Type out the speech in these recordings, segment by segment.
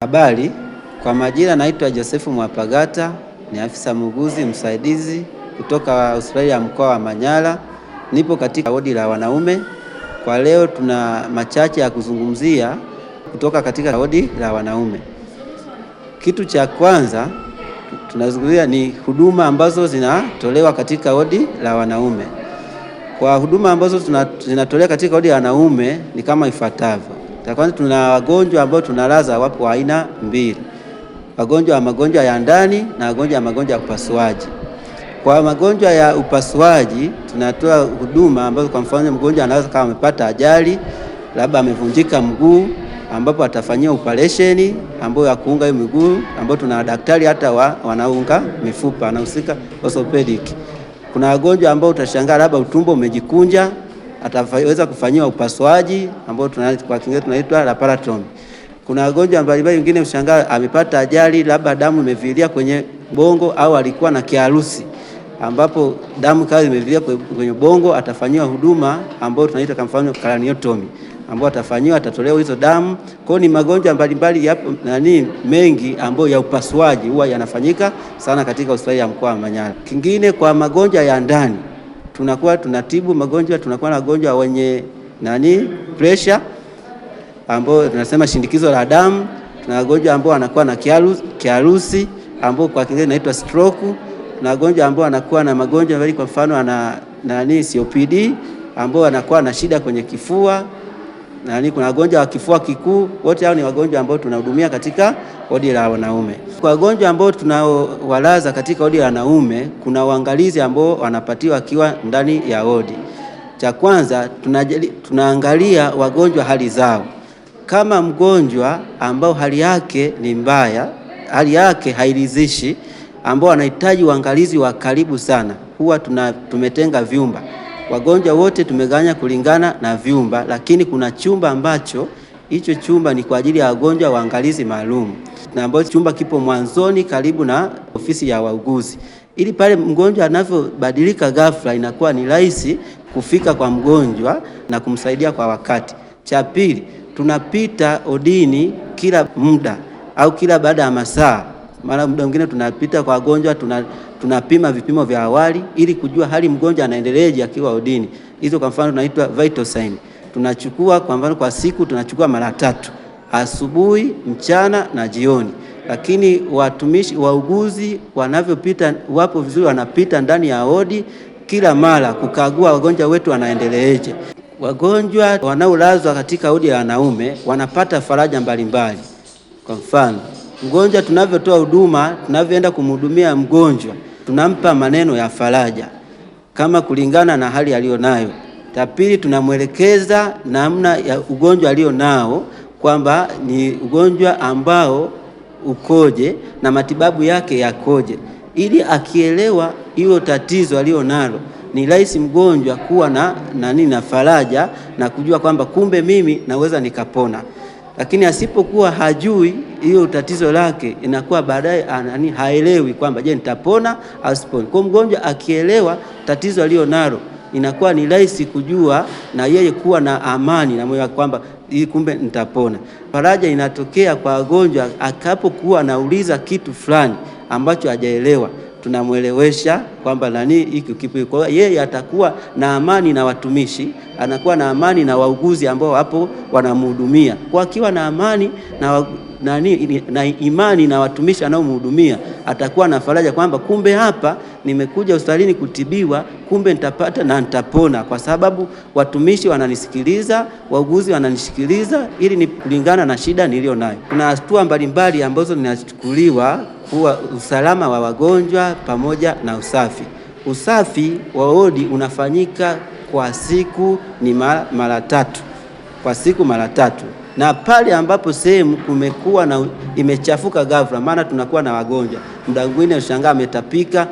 Habari, kwa majina naitwa Josefu Mwapagata, ni afisa muuguzi msaidizi kutoka hospitali ya mkoa wa Manyara. Nipo katika wodi la wanaume. Kwa leo tuna machache ya kuzungumzia kutoka katika wodi la wanaume. Kitu cha kwanza tunazungumzia ni huduma ambazo zinatolewa katika wodi la wanaume. Kwa huduma ambazo zinatolewa katika wodi ya wanaume ni kama ifuatavyo. Kwanza tuna wagonjwa ambao tunalaza, wapo aina mbili, wagonjwa wa magonjwa ya ndani na wagonjwa wa magonjwa ya upasuaji. Kwa magonjwa ya upasuaji tunatoa huduma ambazo, kwa mfano, mgonjwa anaweza kama amepata ajali, labda amevunjika mguu, ambapo atafanyia operesheni ambayo ya kuunga hiyo miguu, ambao tuna daktari hata wa, wanaunga mifupa, anahusika orthopedic kuna wagonjwa ambao utashangaa labda utumbo umejikunja, ataweza kufanyiwa upasuaji ambao kwa Kiingereza tunaitwa laparotomy. Kuna wagonjwa mbalimbali wengine ushangaa amepata ajali, labda damu imevilia kwenye bongo, au alikuwa na kiharusi ambapo damu kali imevilia kwenye bongo, atafanyiwa huduma ambayo tunaita kwa mfano craniotomy ambao atafanyiwa, atatolewa hizo damu. Kwa ni magonjwa mbalimbali yapo nani mengi ambayo ya upasuaji huwa yanafanyika sana katika hospitali ya mkoa wa Manyara. Kingine kwa magonjwa ya ndani tunakuwa tunatibu magonjwa, tunakuwa na wagonjwa wenye nani pressure ambao tunasema shinikizo la damu, tuna wagonjwa ambao wanakuwa na kiharusi ambao kwa Kiingereza inaitwa stroke, na wagonjwa ambao wanakuwa na magonjwa mbali, kwa mfano ana nani COPD ambao anakuwa na shida kwenye kifua nani, kuna wagonjwa wa kifua kikuu, wote hao ni wagonjwa ambao tunahudumia katika wodi la wanaume. Kwa wagonjwa ambao tunaowalaza katika wodi la wanaume, kuna uangalizi ambao wanapatiwa akiwa ndani ya wodi. Cha kwanza tunajali, tunaangalia wagonjwa hali zao. Kama mgonjwa ambao hali yake ni mbaya, hali yake hairidhishi, ambao anahitaji uangalizi wa karibu sana, huwa tuna, tumetenga vyumba Wagonjwa wote tumeganya kulingana na vyumba, lakini kuna chumba ambacho hicho chumba ni kwa ajili ya wagonjwa waangalizi maalum, na ambacho chumba kipo mwanzoni karibu na ofisi ya wauguzi, ili pale mgonjwa anavyobadilika ghafla, inakuwa ni rahisi kufika kwa mgonjwa na kumsaidia kwa wakati. Cha pili, tunapita odini kila muda au kila baada ya masaa, mara muda mwingine tunapita kwa wagonjwa tuna tunapima vipimo vya awali ili kujua hali mgonjwa anaendeleaje akiwa udini. Hizo kwa mfano tunaitwa vital sign. Tunachukua kwa mfano kwa siku tunachukua mara tatu, asubuhi, mchana na jioni. Lakini watumishi wauguzi wanavyopita, wapo vizuri, wanapita ndani ya odi kila mara kukagua wagonjwa wetu wanaendeleaje. Wagonjwa wanaolazwa katika odi ya wanaume wanapata faraja mbalimbali. Kwa mfano mgonjwa, tunavyotoa huduma, tunavyoenda kumhudumia mgonjwa tunampa maneno ya faraja kama kulingana na hali aliyonayo. La pili, tunamwelekeza namna ya ugonjwa alionao kwamba ni ugonjwa ambao ukoje na matibabu yake yakoje, ili akielewa hilo tatizo alionalo ni rahisi mgonjwa kuwa na nani na faraja na kujua kwamba kumbe mimi naweza nikapona lakini asipokuwa hajui hiyo tatizo lake, inakuwa baadaye anani haelewi kwamba je, nitapona au siponi. Kwa mgonjwa akielewa tatizo nalo inakuwa ni rahisi kujua na yeye kuwa na amani na moyo kwamba hii kumbe nitapona. Faraja inatokea kwa wagonjwa akapokuwa anauliza kitu fulani ambacho hajaelewa tunamwelewesha kwamba nani hiki kipi. Kwa hiyo yeye atakuwa na amani na watumishi, anakuwa na amani na wauguzi ambao hapo wanamhudumia, kwa akiwa na amani na wa, nani, na imani na watumishi anaomhudumia, atakuwa na faraja kwamba kumbe hapa nimekuja hospitalini kutibiwa, kumbe nitapata na nitapona, kwa sababu watumishi wananisikiliza, wauguzi wananisikiliza, ili ni kulingana na shida niliyo nayo. Kuna hatua mbalimbali ambazo ninachukuliwa kuwa usalama wa wagonjwa pamoja na usafi. Usafi wa wodi unafanyika kwa siku ni mara tatu, kwa siku mara tatu, na pale ambapo sehemu kumekuwa na imechafuka ghafla, maana tunakuwa na wagonjwa, muda mwingine ushangaa ametapika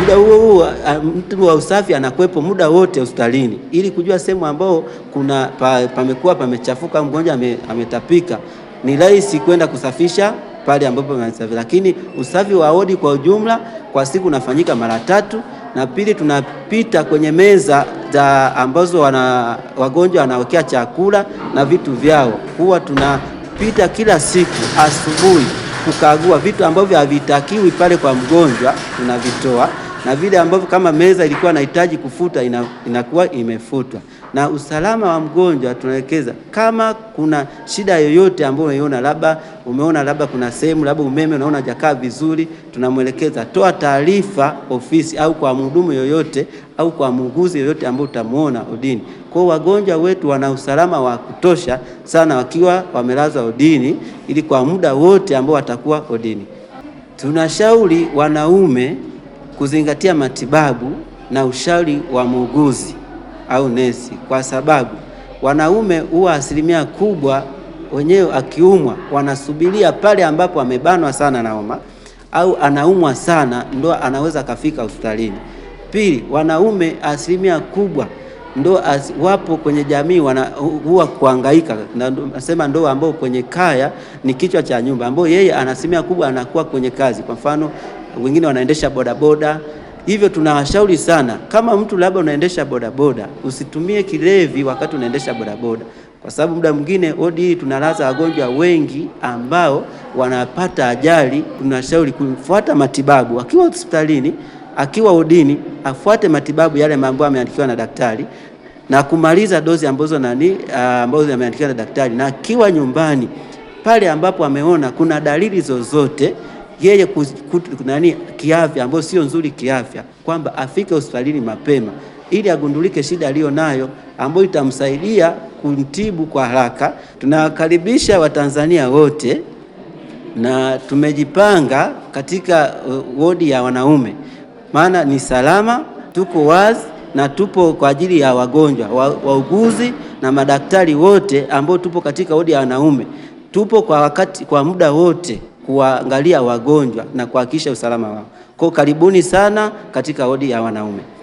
muda huo huo mtu wa usafi anakwepo muda wote hospitalini, ili kujua sehemu ambao kuna pamekuwa pamechafuka, mgonjwa ametapika, ni rahisi kwenda kusafisha pale ambapo usafi. Lakini usafi wa wodi kwa ujumla kwa siku unafanyika mara tatu, na pili tunapita kwenye meza za ambazo wana, wagonjwa wanawekea chakula na vitu vyao. Huwa tunapita kila siku asubuhi kukagua vitu ambavyo havitakiwi pale kwa mgonjwa tunavitoa, na vile ambavyo kama meza ilikuwa inahitaji kufuta inakuwa imefutwa na usalama wa mgonjwa tunawekeza. Kama kuna shida yoyote ambayo unaiona, labda umeona labda kuna sehemu labda umeme unaona hajakaa vizuri, tunamwelekeza toa taarifa ofisi au kwa mhudumu yoyote au kwa muuguzi yoyote ambaye utamuona odini. Kwa wagonjwa wetu wana usalama wa kutosha sana wakiwa wamelazwa odini, ili kwa muda wote ambao watakuwa odini. Tunashauri wanaume kuzingatia matibabu na ushauri wa muuguzi au nesi, kwa sababu wanaume huwa asilimia kubwa wenyewe akiumwa wanasubiria pale ambapo amebanwa sana na homa au anaumwa sana ndo anaweza akafika hospitalini. Pili, wanaume asilimia kubwa ndo as, wapo kwenye jamii wana, huwa kuangaika nasema ndo ambao kwenye kaya ni kichwa cha nyumba, ambao yeye anasimia kubwa anakuwa kwenye kazi, kwa mfano wengine wanaendesha bodaboda Hivyo tunawashauri sana, kama mtu labda unaendesha bodaboda, usitumie kilevi wakati unaendesha bodaboda, kwa sababu muda mwingine odi hii e tunalaza wagonjwa wengi ambao wanapata ajali. Tunashauri kufuata matibabu akiwa hospitalini, akiwa odini, e afuate matibabu yale mambo ameandikiwa na daktari na kumaliza dozi ambazo nani ah, ambazo ameandikiwa na daktari, na akiwa nyumbani pale ambapo ameona kuna dalili zozote yeye nani kiafya ambayo sio nzuri kiafya, kwamba afike hospitalini mapema ili agundulike shida aliyo nayo ambayo itamsaidia kumtibu kwa haraka. Tunawakaribisha Watanzania wote na tumejipanga katika uh, wodi ya wanaume, maana ni salama, tuko wazi na tupo kwa ajili ya wagonjwa, wauguzi na madaktari wote ambao tupo katika wodi ya wanaume, tupo kwa wakati, kwa muda wote kuwaangalia wagonjwa na kuhakikisha usalama wao. Kwa karibuni sana katika wodi ya wanaume.